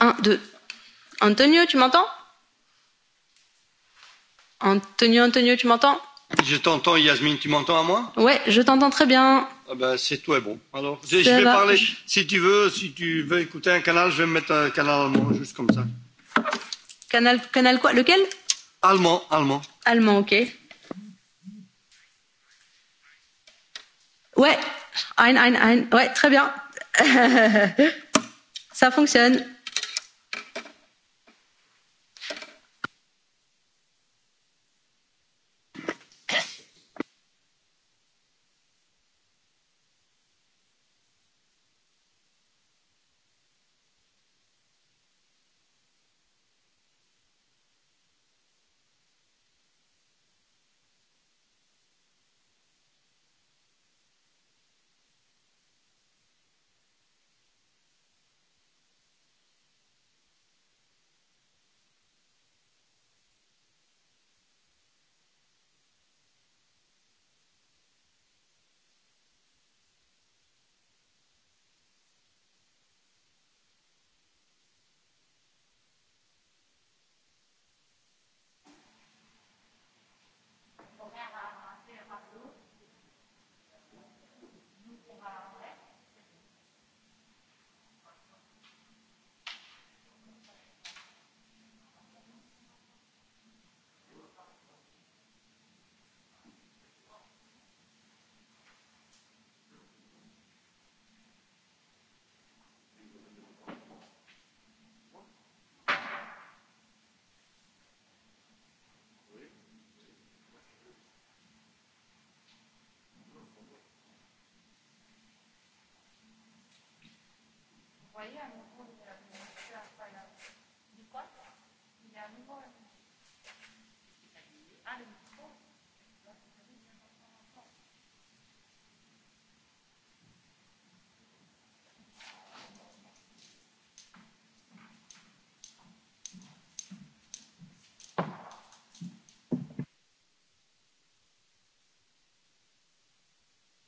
1, 2. Antonio, tu m'entends Antonio, Antonio, tu m'entends Je t'entends, Yasmine, tu m'entends à moi Ouais, je t'entends très bien. Ah ben, c'est tout est bon. Alors, je, je vais va. parler. Si tu veux, si tu veux écouter un canal, je vais mettre un canal allemand, juste comme ça. Canal, canal quoi Lequel Allemand, allemand. Allemand, ok. Ouais, ein, ein, ein. Ouais, très bien. ça fonctionne. постоянно.